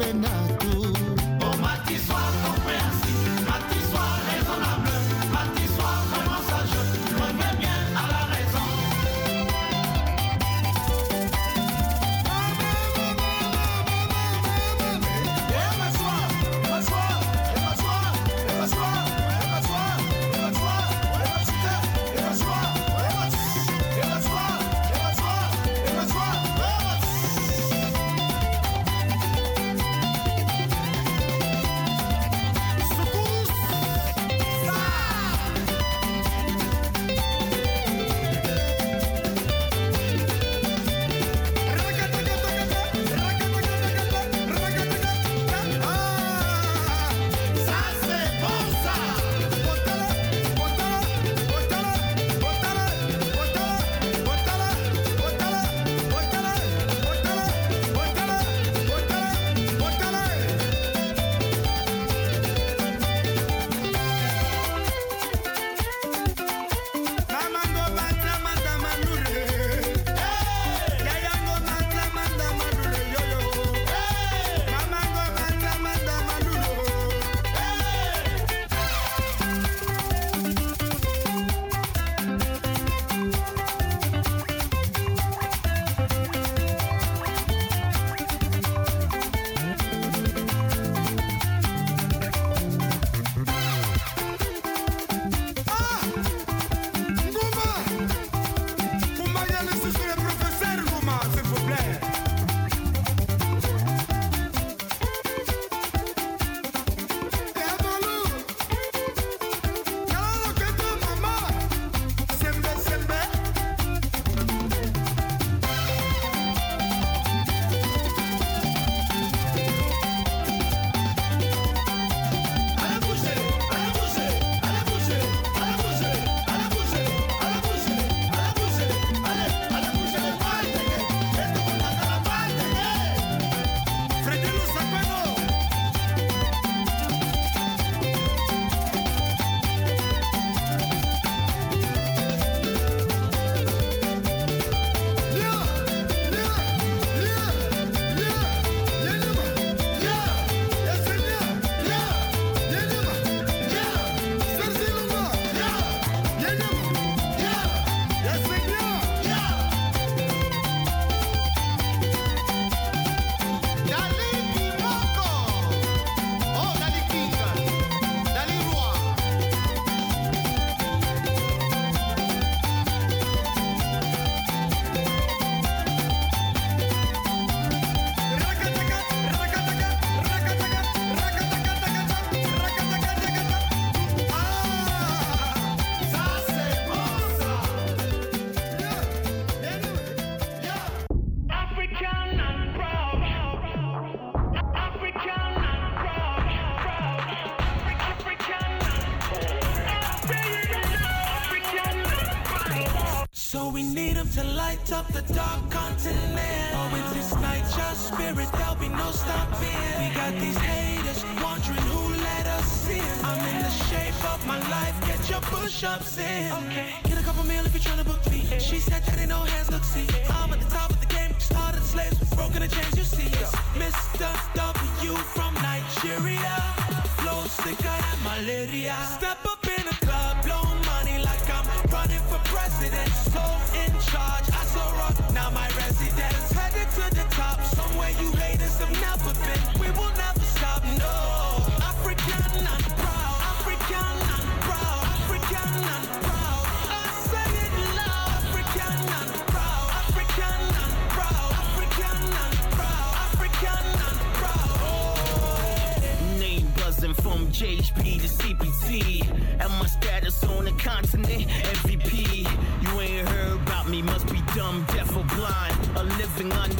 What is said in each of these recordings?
pena you from Nigeria. Flow sicker than malaria. Step up in the club, blow money like I'm running for president. So in charge, I so rock, now my residence. JHP to CPT. And my status on the continent, MVP. You ain't heard about me, must be dumb, deaf, or blind. A living under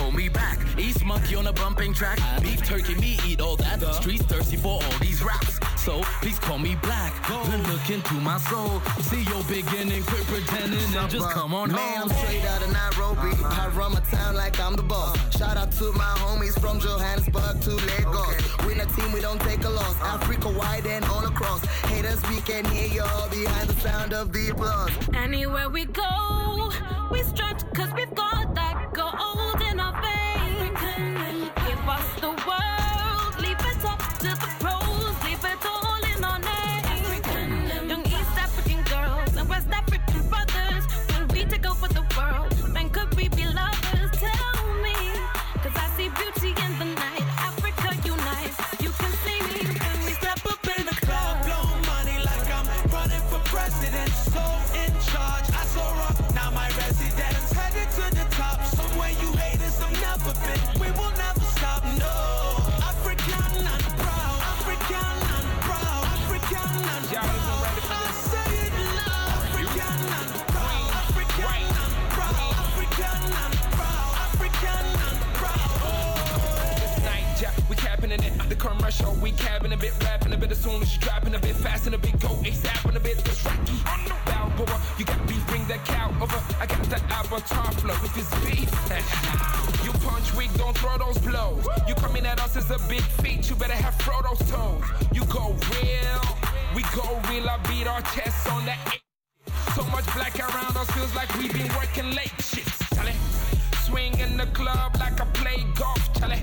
call me back. East monkey on a bumping track. Beef turkey, me eat all that. The streets thirsty for all these raps. So please call me black. Go. Then look into my soul. See your beginning, quit pretending, Supper. and just come on Man, home. I'm straight out of Nairobi. Uh-huh. I run my town like I'm the boss. Uh-huh. Shout out to my homies from Johannesburg to Lagos. We're a team, we don't take a loss. Uh-huh. Africa wide and all across. Haters, we can hear y'all behind the sound of the applause. Anywhere we go, we stretch cause we've got that go. front show. We cabbing a bit, rapping a bit as soon as you dropping a bit fast and a bit go ASAP and a bit it's Rocky the Balboa. You got beef, bring that cow over. I got that avatar flow. If it's beef, you punch weak, don't throw those blows. You coming at us as a big feat, you better have Frodo's toes. You go real, we go real. I beat our chests on that. So much black around us feels like we've been working late. Shit, Charlie. Swing in the club like I play golf, Charlie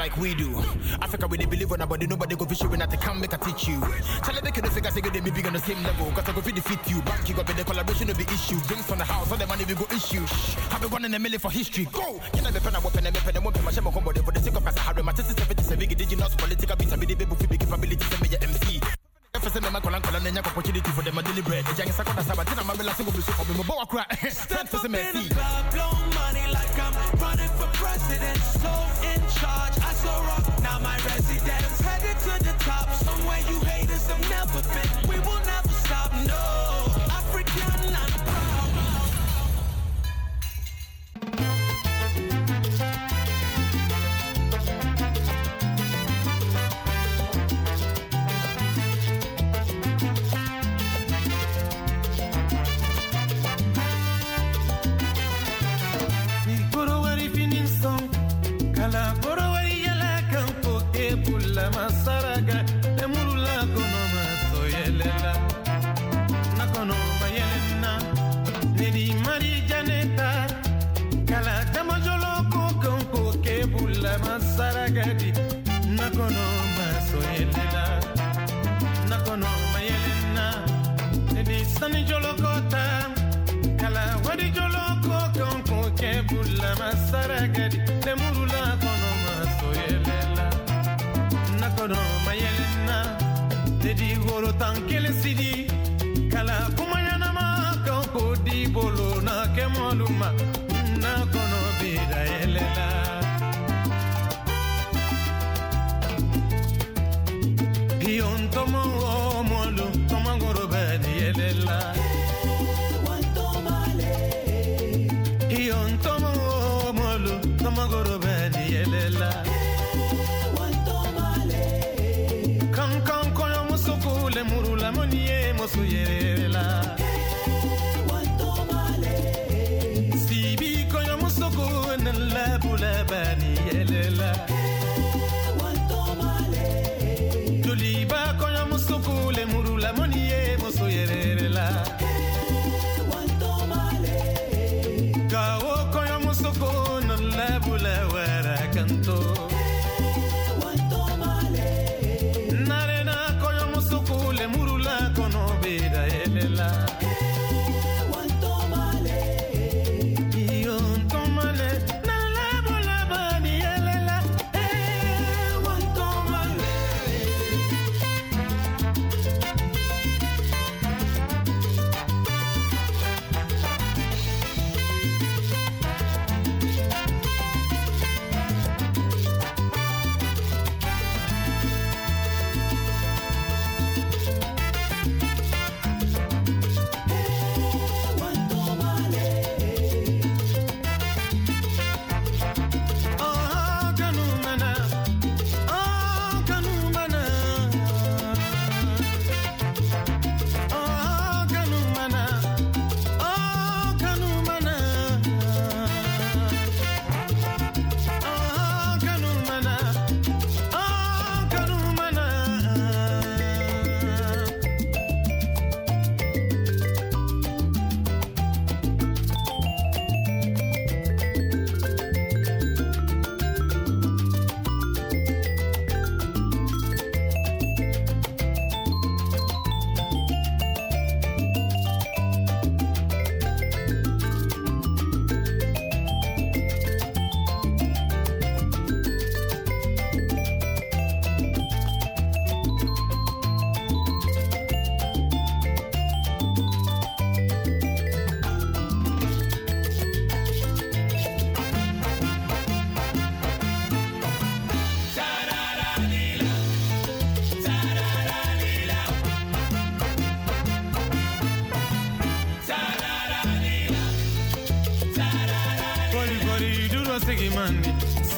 like we do. Africa we really believe on nobody, nobody go fish you when I can make I teach you. Tell them they can figure say they may be on the same level. Cause I go feed defeat you. Back you up in the collaboration of the issue. Drinks on the house, all the money we go issue. Shh. I've been one in a million for history. Go! You know, pen I weapon and pen and weapon, my shame on combo for the sake of my Sahara. my test is 77. Did you not political beats? I be the baby with big capabilities and me MC. Efese dem a kolan kolan enya opportunity for dem a deliberate. Eja ngisa kona sabati na mabela singo bisu for me mo bawa kwa. Step up in the club, blow money like I'm running for president. So in charge, I saw rock, now my residence. Headed to the top, somewhere you haters have never been. We will never stop, no. sani joloko ta kala wari joloko kan kun kɛ bulama saragadi lemurula kɔnɔ ma soyɛlɛla nakɔdɔ mayelena dedi woro tan sidi kala kumayanama kan ko di bolo na kɛ mɔlu ma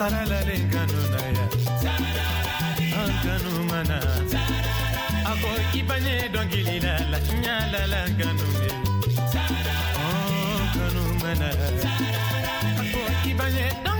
saralalen kanu na ya an kanu mana a ko i bange dɔnkili la la ɲala la kanu ye an kanu mana a ko i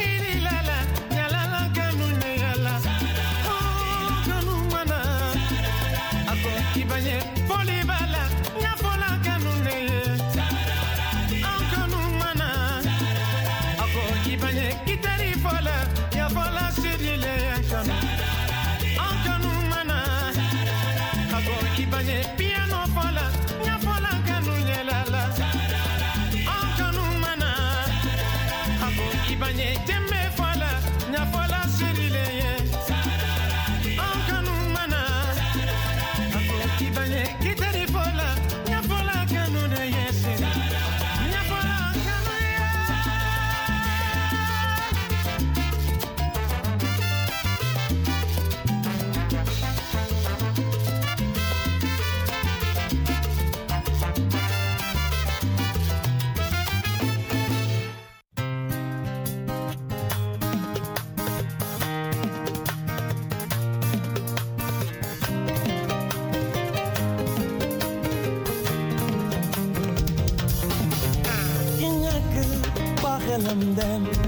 from them.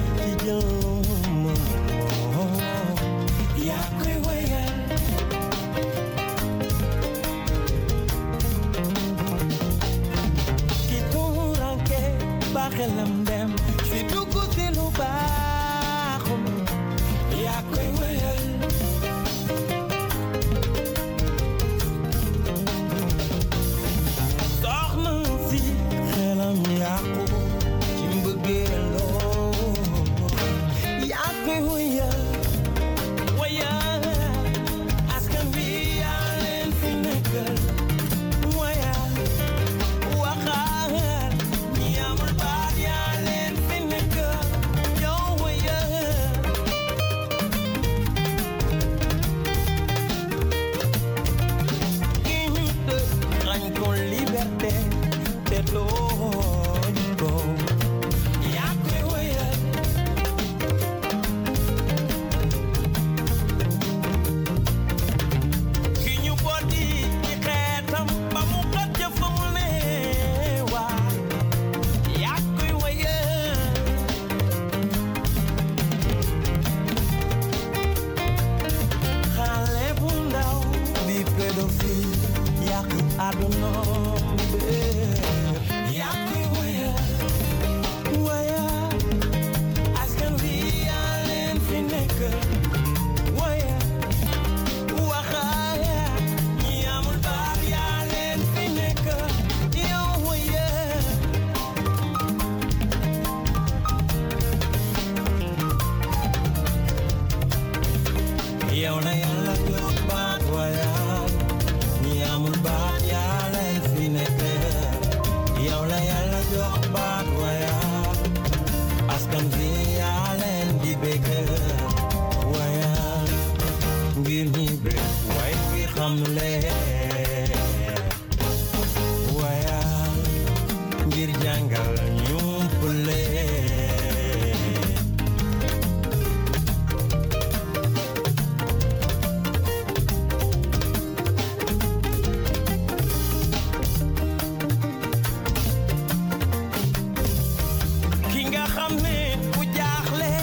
I'm gonna ku jaaxle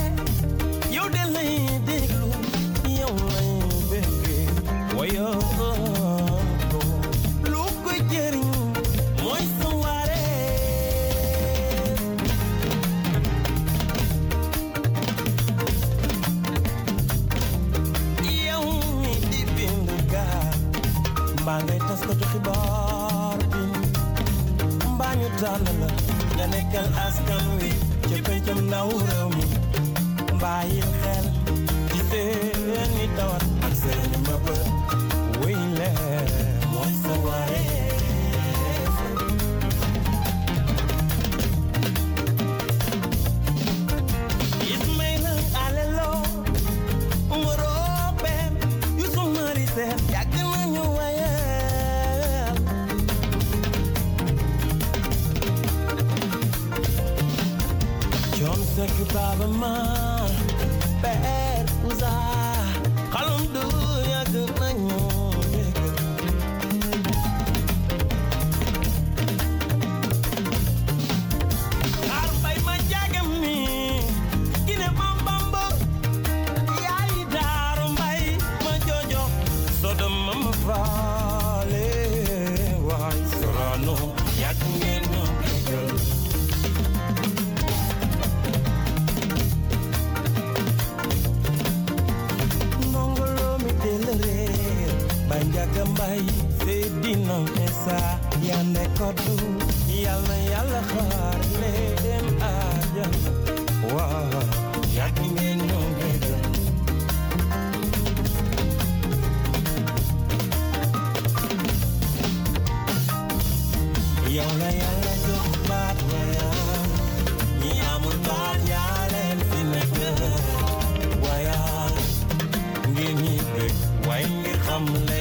yow jëm ndaw réew mi xel di tawat ak mooy sa waree Take your by the mind, ay se dina esa yande kodu yalla yalla xaar le dem ajal wa yak la wa fi wa ñi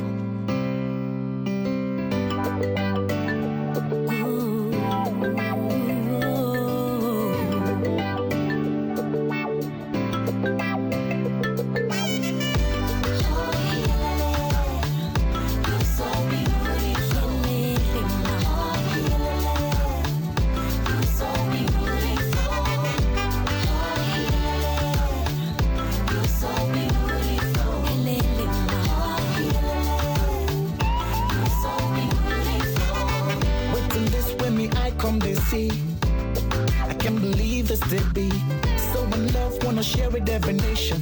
Every divination.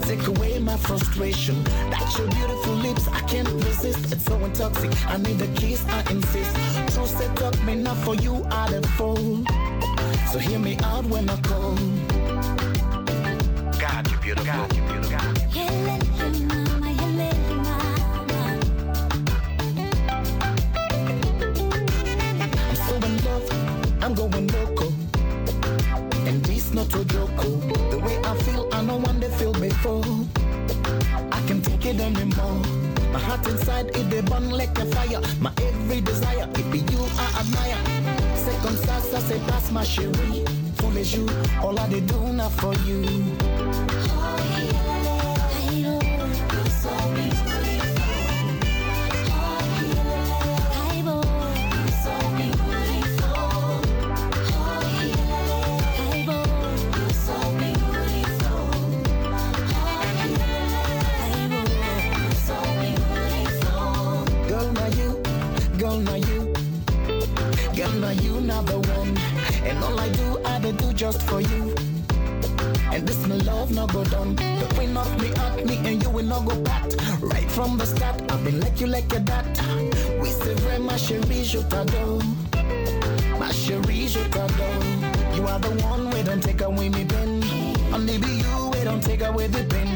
Take away my frustration. That's your beautiful lips, I can't resist. It's so intoxicating. I need a kiss, I insist. True set up me not for you, I don't fall. So hear me out when I call. God, you beautiful. God, you beautiful. inside it they burn like a fire. My every desire, it be you I admire. C'est comme ça, ça se passe ma chérie. Tous les jours, all I do now for you. Oh, yeah, I don't so And all I do, I did do just for you. And this my love no go done. The queen of me at me and you will not go back. Right from the start, I've been like you like a dat. We say very my chérie, je t'adore. My chérie, je t'adore. You are the one we don't take away me pen. Only be you we don't take away the pain.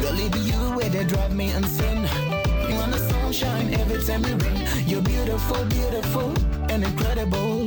Girl, it be you where they drive me insane. You want the sunshine every time you rain. You're beautiful, beautiful and incredible.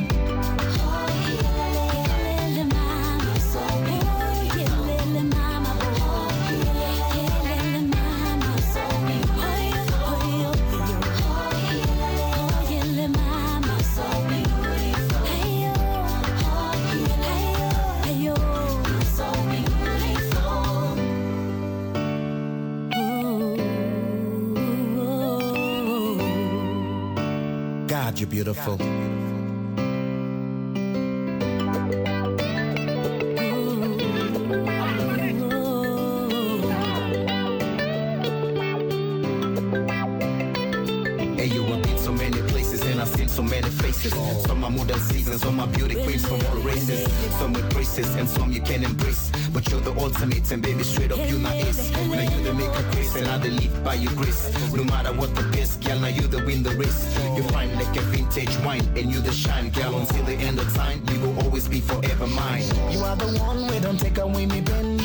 you're beautiful. the seasons. All my beauty queens from all races. Some with braces and some you can embrace. But you're the ultimate and baby, straight up you my ace. Now you the make a grace and I the by your grace. No matter what the best, girl, now you the win the race. You fine like a vintage wine and you the shine, girl. Until the end of time, you will always be forever mine. You are the one where don't take away me pen.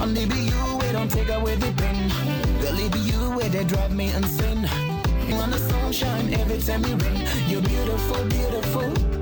Only be you where don't take away the pen. Girl, it be you where they drive me insane. You the sunshine every time you rain. You're beautiful, beautiful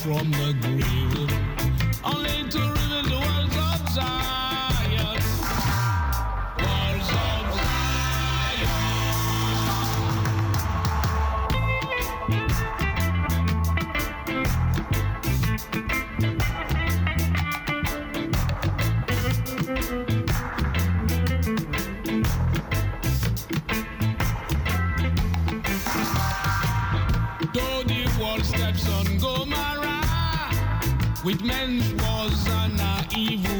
from the With men was an evil.